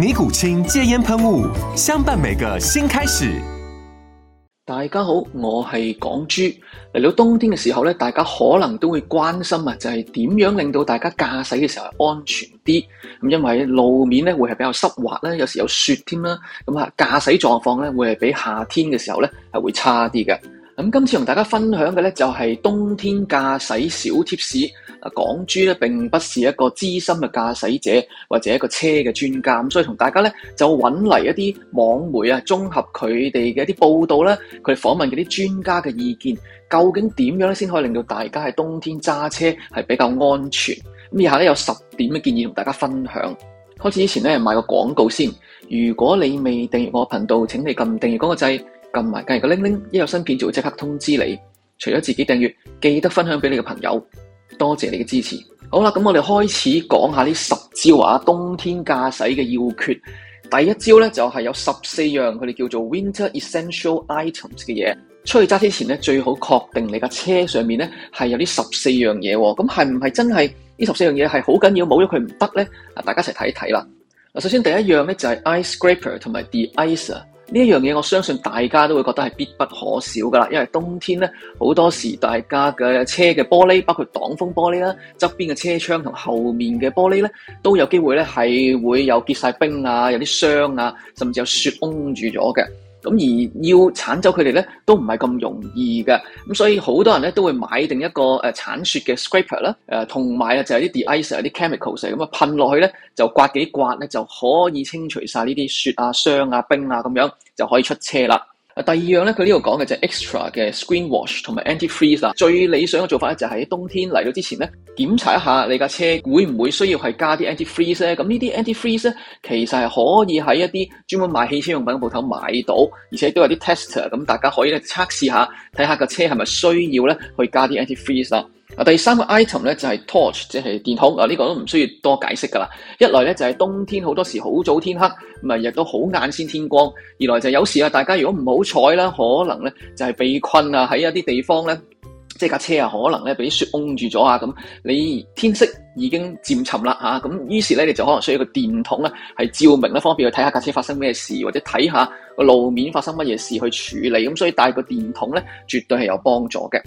尼古清戒煙噴霧，相伴每個新開始。大家好，我係港豬。嚟到冬天嘅時候咧，大家可能都會關心啊，就係點樣令到大家駕駛嘅時候安全啲？咁因為路面咧會係比較濕滑啦，有時有雪添啦，咁啊駕駛狀況咧會係比夏天嘅時候咧係會差啲嘅。咁今次同大家分享嘅呢，就係冬天駕駛小貼士。港豬咧並不是一個資深嘅駕駛者或者一個車嘅專家，咁所以同大家呢，就揾嚟一啲網媒啊，綜合佢哋嘅一啲報道咧，佢訪問嗰啲專家嘅意見，究竟點樣咧先可以令到大家喺冬天揸車係比較安全？咁以下呢，有十點嘅建議同大家分享。開始之前咧，賣個廣告先。如果你未訂閱我嘅頻道，請你撳訂閱嗰個掣。撳埋隔籬個鈴鈴，一有新片就會即刻通知你。除咗自己訂閱，記得分享俾你嘅朋友。多謝你嘅支持。好啦，咁我哋開始講下呢十招啊，冬天駕駛嘅要訣。第一招呢就係、是、有十四樣佢哋叫做 Winter Essential Items 嘅嘢。出去揸車前呢，最好確定你架車上面呢係有呢十四樣嘢。咁係唔係真係呢十四樣嘢係好緊要，冇咗佢唔得呢。啊，大家一齊睇睇啦。首先第一樣呢就係、是、Ice Scraper 同埋 Deicer。呢一樣嘢，我相信大家都會覺得係必不可少㗎啦，因為冬天呢，好多時，大家嘅車嘅玻璃，包括擋風玻璃啦、側邊嘅車窗同後面嘅玻璃呢，都有機會呢係會有結晒冰啊、有啲霜啊，甚至有雪封住咗嘅。咁而要鏟走佢哋咧，都唔係咁容易嘅。咁所以好多人咧都會買定一個誒、呃、鏟雪嘅 scraper 啦、呃，同埋啊就係啲 deicer、啲 chemicals 咁啊噴落去咧，就刮幾刮咧就可以清除晒呢啲雪啊、霜啊、冰啊咁樣，就可以出車啦。第二樣咧，佢呢度講嘅就係 extra 嘅 screen wash 同埋 antifreeze 啦。最理想嘅做法咧，就係喺冬天嚟到之前咧，檢查一下你架車會唔會需要係加啲 antifreeze 咧？咁呢啲 antifreeze 咧，其實係可以喺一啲專門賣汽車用品嘅舖頭買到，而且都有啲 tester，咁大家可以咧測試下，睇下架車係咪需要咧去加啲 antifreeze 啦。第三個 item 咧就係 torch，即係電筒。啊，呢個都唔需要多解釋噶啦。一來咧就係冬天好多時好早天黑，咁啊亦都好晏先天光。二來就有時啊，大家如果唔好彩啦，可能咧就係被困啊喺一啲地方咧，即係架車啊可能咧俾雪擁住咗啊咁，你天色已經漸沉啦吓。咁於是咧你就可能需要一個電筒咧，係照明咧方便去睇下架車發生咩事，或者睇下個路面發生乜嘢事去處理。咁所以帶個電筒咧，絕對係有幫助嘅。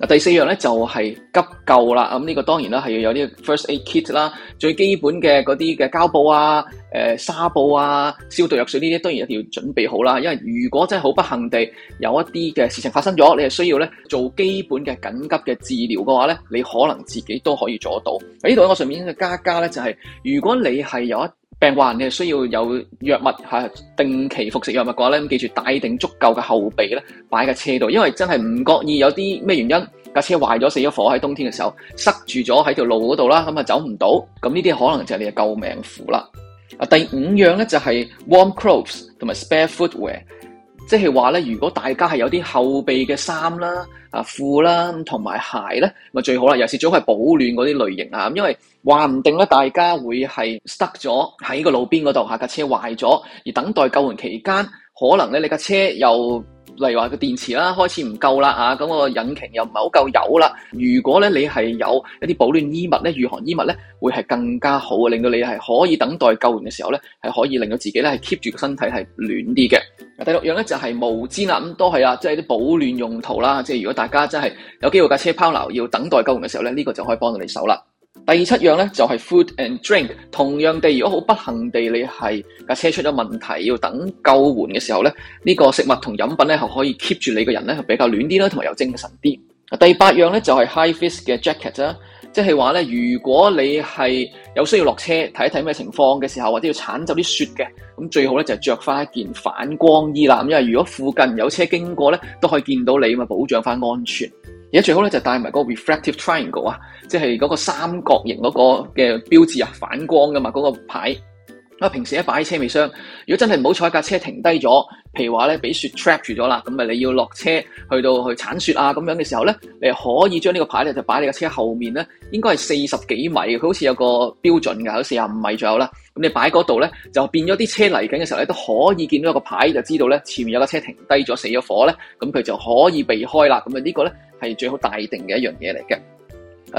第四樣咧就係、是、急救啦，咁、嗯、呢、這個當然啦係要有啲 first aid kit 啦，最基本嘅嗰啲嘅膠布啊、呃、紗布啊、消毒藥水呢啲當然一定要準備好啦，因為如果真係好不幸地有一啲嘅事情發生咗，你係需要咧做基本嘅緊急嘅治療嘅話咧，你可能自己都可以做得到。喺呢度我上面嘅加加咧就係、是、如果你係有一病患，你係需要有藥物吓，定期服食藥物嘅話咧，咁記住帶定足夠嘅後備咧，擺喺個車度，因為真係唔覺意有啲咩原因架車壞咗，死咗火喺冬天嘅時候塞住咗喺條路嗰度啦，咁啊走唔到，咁呢啲可能就係你嘅救命符啦。啊，第五樣咧就係 warm clothes 同埋 spare footwear。即係話咧，如果大家係有啲後備嘅衫啦、啊褲啦，同埋鞋咧，咪最好啦。尤其係保暖嗰啲類型啊，因為話唔定咧，大家會係塞咗喺個路邊嗰度，下架車壞咗，而等待救援期間，可能咧你架車又。例如話個電池啦開始唔夠啦吓，咁個引擎又唔係好夠油啦。如果咧你係有一啲保暖衣物咧，御寒衣物咧，會係更加好，令到你係可以等待救援嘅時候咧，係可以令到自己咧係 keep 住個身體係暖啲嘅。第六樣咧就係毛氈啦，咁都係啊，即係啲保暖用途啦。即係如果大家真係有機會架車拋錨，要等待救援嘅時候咧，呢個就可以幫到你手啦。第七樣咧就係、是、food and drink，同樣地，如果好不幸地你係架車出咗問題要等救援嘅時候咧，呢、這個食物同飲品咧就可以 keep 住你個人咧就比較暖啲啦，同埋又精神啲。第八樣咧就係、是、high vis 嘅 jacket 啦。即係話咧，如果你係有需要落車睇一睇咩情況嘅時候，或者要鏟走啲雪嘅，咁最好咧就着翻一件反光衣啦。咁因為如果附近有車經過咧，都可以見到你嘛，保障翻安全。而家最好咧就帶埋個 reflective triangle 啊，即係嗰個三角形嗰個嘅標誌啊，反光噶嘛，嗰個牌。啊！平時一擺喺車尾箱。如果真係唔好彩架車停低咗，譬如話咧俾雪 trap 住咗啦，咁啊你要落車去到去鏟雪啊咁樣嘅時候咧，你可以將呢個牌咧就擺你架車後面咧，應該係四十幾米，佢好似有個標準㗎，有四十五米左右啦。咁你擺嗰度咧，就變咗啲車嚟緊嘅時候咧，都可以見到有個牌，就知道咧前面有架車停低咗死咗火咧，咁佢就可以避開啦。咁啊呢個咧係最好大定嘅一樣嘢嚟嘅。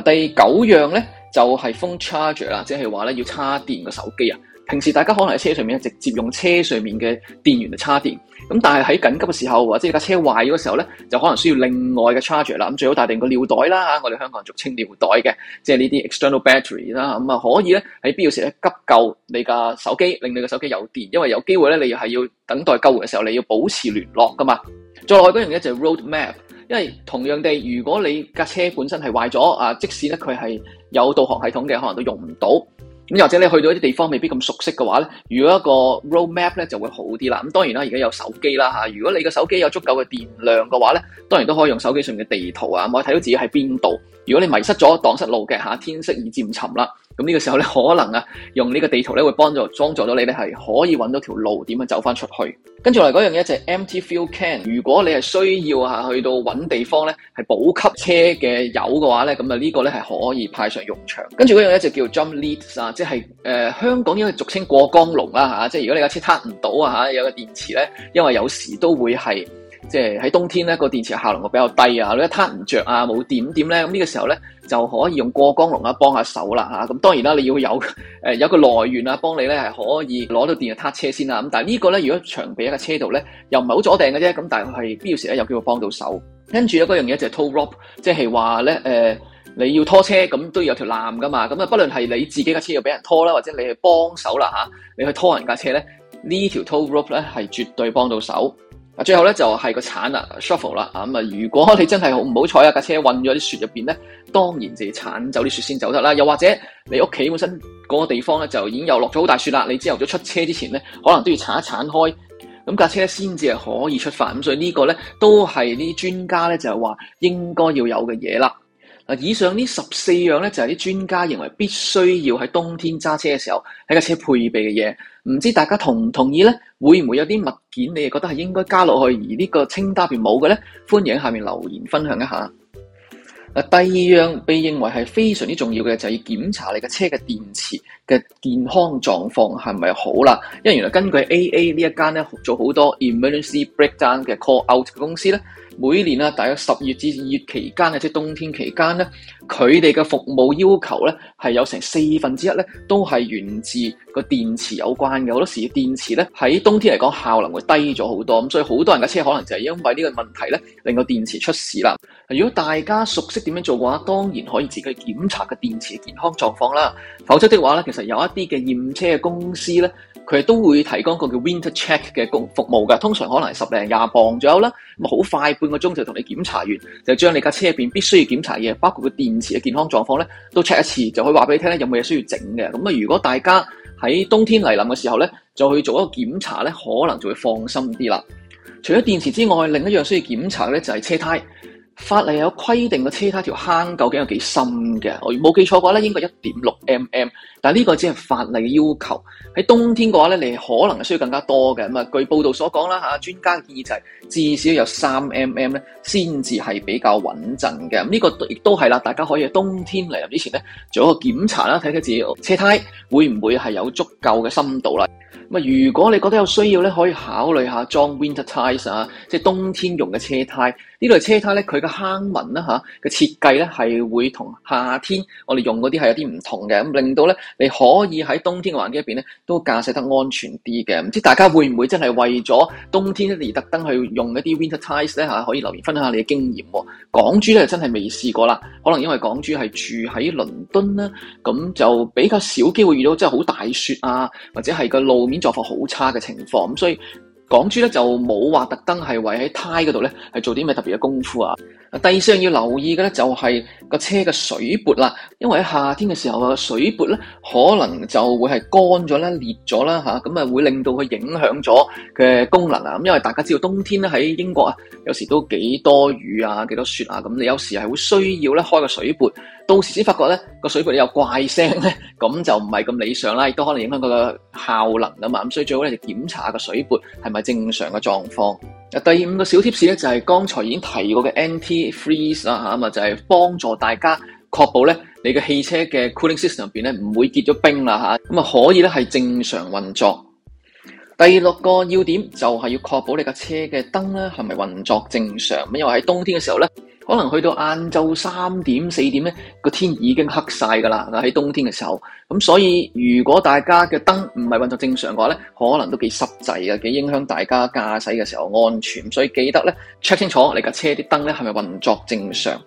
第九樣咧就係 phone charger 啦，即係話咧要叉電個手機啊。平時大家可能喺車上面直接用車上面嘅電源嚟叉電，咁但係喺緊急嘅時候或者架車壞咗嘅時候咧，就可能需要另外嘅 charger 啦。咁最好帶定個尿袋啦，我哋香港人俗稱尿袋嘅，即係呢啲 external battery 啦。咁啊可以咧喺必要時急救你架手機，令你嘅手機有電，因為有機會咧你係要等待救援嘅時候，你要保持聯絡噶嘛。再嗰樣嘢就係 road map。因為同樣地，如果你架車本身係壞咗啊，即使咧佢係有導航系統嘅，可能都用唔到。咁或者你去到一啲地方未必咁熟悉嘅話咧，如果一個 road map 咧就會好啲啦。咁當然啦，而家有手機啦吓，如果你個手機有足夠嘅電量嘅話咧，當然都可以用手機上面嘅地圖啊，我可以睇到自己喺邊度。如果你迷失咗，蕩失路嘅吓，天色已漸沉啦，咁、這、呢個時候咧可能啊用呢個地圖咧會幫助裝助到你咧係可以搵到條路，點樣走翻出去。跟住嚟嗰樣嘢就 empty fuel can。如果你係需要吓去到搵地方咧，係補給車嘅油嘅話咧，咁啊呢個咧係可以派上用場。跟住嗰樣咧就叫 jump leads 啊。即係誒、呃、香港呢個俗稱過江龍啦嚇、啊，即係如果你架車撻唔到啊嚇，有個電池咧，因為有時都會係即係喺冬天咧個電池效能會比較低啊，你一撻唔着啊冇電點咧，咁呢個時候咧就可以用過江龍啊幫下手啦嚇。咁、啊、當然啦，你要有誒、呃、有一個來源啊幫你咧係可以攞到電去撻車先啦。咁、啊、但係呢個咧如果長備喺架車度咧又唔係好阻定嘅啫。咁、啊、但係必要時咧又叫佢幫到手。跟住有嗰樣嘢就係 tow rope，即係話咧誒。呃你要拖車咁都要有條纜噶嘛？咁啊，不論係你自己架車要俾人拖啦，或者你去幫手啦吓，啊，你去拖人架車咧，呢條 tow rope 咧係絕對幫到手。啊，最後咧就係、是、個鏟啦 shovel 啦。咁啊，如果你真係好唔好彩啊，架車困咗啲雪入邊咧，當然就鏟走啲雪先走得啦。又或者你屋企本身嗰個地方咧就已經又落咗好大雪啦，你之後咗出車之前咧，可能都要鏟一鏟開，咁架車先至係可以出返。咁所以個呢個咧都係啲專家咧就係話應該要有嘅嘢啦。以上呢十四樣呢，就係啲專家認為必須要喺冬天揸車嘅時候，喺架車配備嘅嘢。唔知大家同唔同意呢？會唔會有啲物件你哋覺得係應該加落去，而呢個清單便冇嘅呢？歡迎下面留言分享一下。第二樣被認為係非常之重要嘅，就係要檢查你嘅車嘅電池嘅健康狀況係咪好啦？因為原來根據 AA 這一呢一間咧做好多 emergency breakdown 嘅 call out 嘅公司咧，每年啊大概十月至二月期間，即係冬天期間咧，佢哋嘅服務要求咧係有成四分之一咧都係源自個電池有關嘅。好多時電池咧喺冬天嚟講效能會低咗好多，咁所以好多人架車可能就係因為呢個問題咧令個電池出事啦。如果大家熟悉點樣做嘅話，當然可以自己檢查個電池嘅健康狀況啦。否則的話咧，其實有一啲嘅驗車嘅公司咧，佢都會提供個叫 Winter Check 嘅公服務嘅，通常可能係十零廿磅左右啦，咁啊好快半個鐘就同你檢查完，就將你架車入邊必須要檢查嘅，包括個電池嘅健康狀況咧，都 check 一次，就可以話俾你聽咧有冇嘢需要整嘅。咁啊，如果大家喺冬天嚟臨嘅時候咧，就去做一個檢查咧，可能就會放心啲啦。除咗電池之外，另一樣需要檢查嘅咧就係車胎。法例有規定個車胎條坑究竟有幾深嘅？我如冇記錯嘅話咧，應該一點六 mm。但係呢個只係法例嘅要求。喺冬天嘅話咧，你可能係需要更加多嘅咁啊。據報道所講啦嚇，專家建議就係至少有三 mm 咧，先至係比較穩陣嘅。咁、這、呢個亦都係啦，大家可以喺冬天嚟臨之前咧做一個檢查啦，睇睇自己車胎會唔會係有足夠嘅深度啦。如果你覺得有需要咧，可以考慮下裝 winter tyres 啊，即係冬天用嘅車胎。呢類車胎咧，佢嘅坑紋啦嚇嘅設計咧，係會同夏天我哋用嗰啲係有啲唔同嘅，咁令到咧你可以喺冬天嘅環境入邊咧都駕駛得安全啲嘅。唔知大家會唔會真係為咗冬天而特登去用一啲 winter tyres 咧嚇？可以留言分享下你嘅經驗喎。港豬咧真係未試過啦，可能因為港豬係住喺倫敦啦，咁就比較少機會遇到真係好大雪啊，或者係個路面狀況好差嘅情況，咁所以港珠咧就冇話特登係為喺胎嗰度咧係做啲咩特別嘅功夫啊。第二樣要留意嘅咧就係個車嘅水撥啦，因為喺夏天嘅時候啊，水撥咧可能就會係乾咗啦、裂咗啦吓，咁啊會令到佢影響咗佢嘅功能啊。咁因為大家知道冬天咧喺英國啊，有時都幾多雨啊、幾多雪啊，咁你有時係會需要咧開個水撥。到時先發覺咧，個水撥有怪聲咧，咁就唔係咁理想啦，亦都可能影響個效能啊嘛。咁所以最好咧就檢查下個水撥係咪正常嘅狀況。第五個小貼士咧就係、是、剛才已經提過嘅 anti-freeze 啦、啊、咁就係、是、幫助大家確保咧你嘅汽車嘅 cooling system 入邊咧唔會結咗冰啦嚇，咁啊，啊可以咧係正常運作。第六個要點就係要確保你架車嘅燈咧係咪運作正常，因為喺冬天嘅時候咧。可能去到晏晝三點四點，呢個天已經黑晒噶啦。喺冬天嘅時候，咁所以如果大家嘅燈唔係運作正常嘅話呢，可能都幾濕滯呀，幾影響大家駕駛嘅時候安全。所以記得呢，check 清楚你架車啲燈呢係咪運作正常。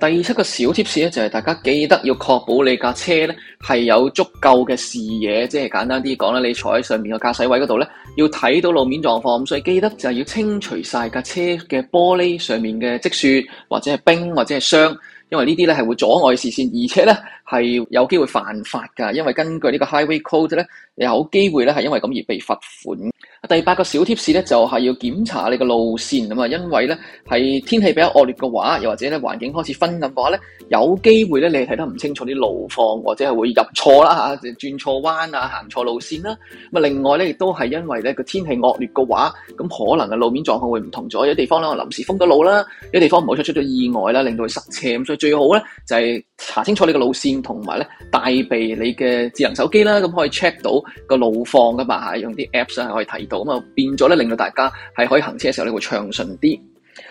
第七個小貼士咧，就係大家記得要確保你架車咧係有足夠嘅視野，即係簡單啲講咧，你坐喺上面個駕駛位嗰度咧，要睇到路面狀況。所以記得就要清除晒架車嘅玻璃上面嘅積雪或者係冰或者係霜，因為呢啲咧係會阻礙視線，而且咧係有機會犯法㗎。因為根據呢個 Highway Code 咧，你有機會咧係因為咁而被罰款。第八個小貼士咧，就係要檢查你個路線咁啊，因為咧係天氣比較惡劣嘅話，又或者咧環境開始昏暗嘅話咧，有機會咧你睇得唔清楚啲路況，或者係會入錯啦嚇，轉錯彎啊，行錯路線啦。咁啊，另外咧亦都係因為咧個天氣惡劣嘅話，咁可能嘅路面狀況會唔同咗，有地方咧臨時封咗路啦，有地方唔好出出咗意外啦，令到佢塞車。咁所以最好咧就係查清楚你個路線，同埋咧帶備你嘅智能手機啦，咁可以 check 到個路況㗎嘛，用啲 apps 係可以睇到。咁啊，變咗咧，令到大家係可以行車嘅時候咧，會暢順啲。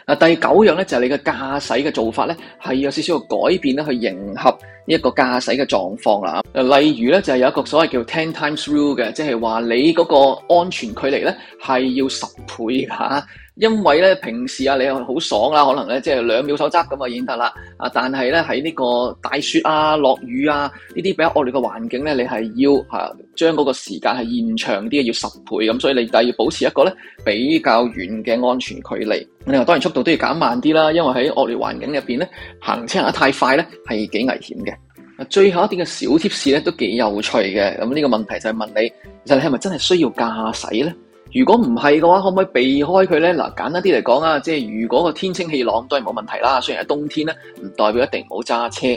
嗱，第九樣咧就係、是、你嘅駕駛嘅做法咧，係有少少改變咧，去迎合呢一個駕駛嘅狀況啦、啊。例如咧，就是、有一個所謂叫 ten times rule 嘅，即係話你嗰個安全距離咧係要十倍吓。啊。因為咧平時啊，你好爽啦、啊，可能咧即係兩秒守則咁啊已經得啦。啊，但係咧喺呢個大雪啊、落雨啊呢啲比較惡劣嘅環境咧，你係要吓、啊、將嗰個時間係延長啲，要十倍咁，所以你就要保持一個咧比較遠嘅安全距離。你、啊、另外，當然速度都要減慢啲啦，因為喺惡劣環境入邊咧行車行得太快咧係幾危險嘅、啊。最後一點嘅小 tips 咧都幾有趣嘅。咁呢個問題就係問你，其實你係咪真係需要駕駛咧？如果唔係嘅話，可唔可以避開佢呢？嗱，簡單啲嚟講啊，即係如果個天清氣朗當然冇問題啦。雖然係冬天呢，唔代表一定冇揸車，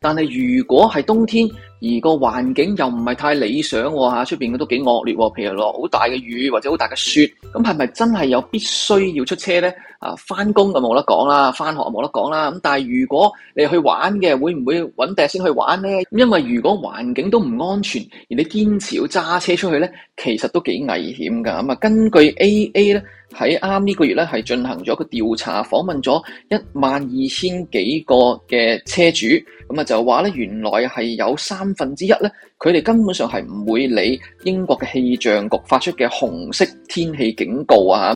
但係如果係冬天。而個環境又唔係太理想喎、哦、嚇，出面都幾惡劣喎、哦。譬如落好大嘅雨或者好大嘅雪，咁係咪真係有必須要出車呢？啊，翻工就冇得講啦，翻學冇得講啦。咁但係如果你去玩嘅，會唔會揾第先去玩呢？因為如果環境都唔安全，而你堅持要揸車出去呢，其實都幾危險㗎。咁啊，根據 A A 呢，喺啱呢個月呢，係進行咗一個調查，訪問咗一萬二千幾個嘅車主，咁啊就話呢，原來係有三。三分之一咧，佢哋根本上係唔會理英國嘅氣象局發出嘅紅色天氣警告啊！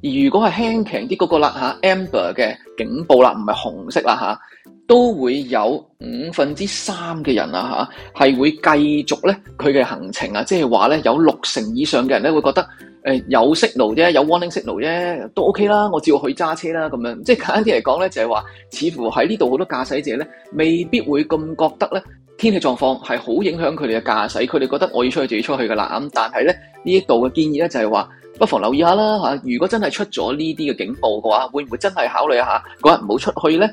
而如果係輕鬆啲嗰個啦嚇、啊、Amber 嘅警報啦，唔、啊、係紅色啦嚇、啊，都會有五分之三嘅人啊嚇，係會繼續咧佢嘅行程啊，即係話咧有六成以上嘅人咧會覺得。誒、呃、有訊號啫，有 warning 訊號啫，都 OK 啦。我照我去揸車啦，咁樣即係簡單啲嚟講咧，就係、係、話，似乎喺呢度好多駕駛者咧，未必會咁覺得咧，天氣狀況係好影響佢哋嘅駕駛。佢哋覺得我要出去自己出去噶啦。咁但係咧，呢一度嘅建議咧就係話，不妨留意下啦吓。如果真係出咗呢啲嘅警報嘅話，會唔會真係考慮一下嗰日唔好出去咧？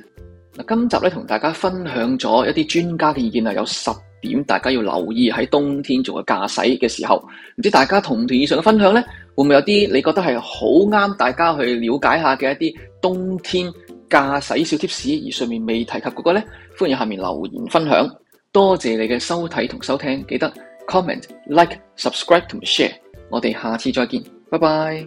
嗱，今集咧同大家分享咗一啲專家嘅意見啊，有十點大家要留意喺冬天做嘅駕駛嘅時候，唔知大家同唔同意以上嘅分享呢？會唔會有啲你覺得係好啱大家去了解一下嘅一啲冬天駕駛小貼士，而上面未提及嗰個呢，歡迎下面留言分享。多謝你嘅收睇同收聽，記得 comment、like、subscribe 同 share。我哋下次再見，拜拜。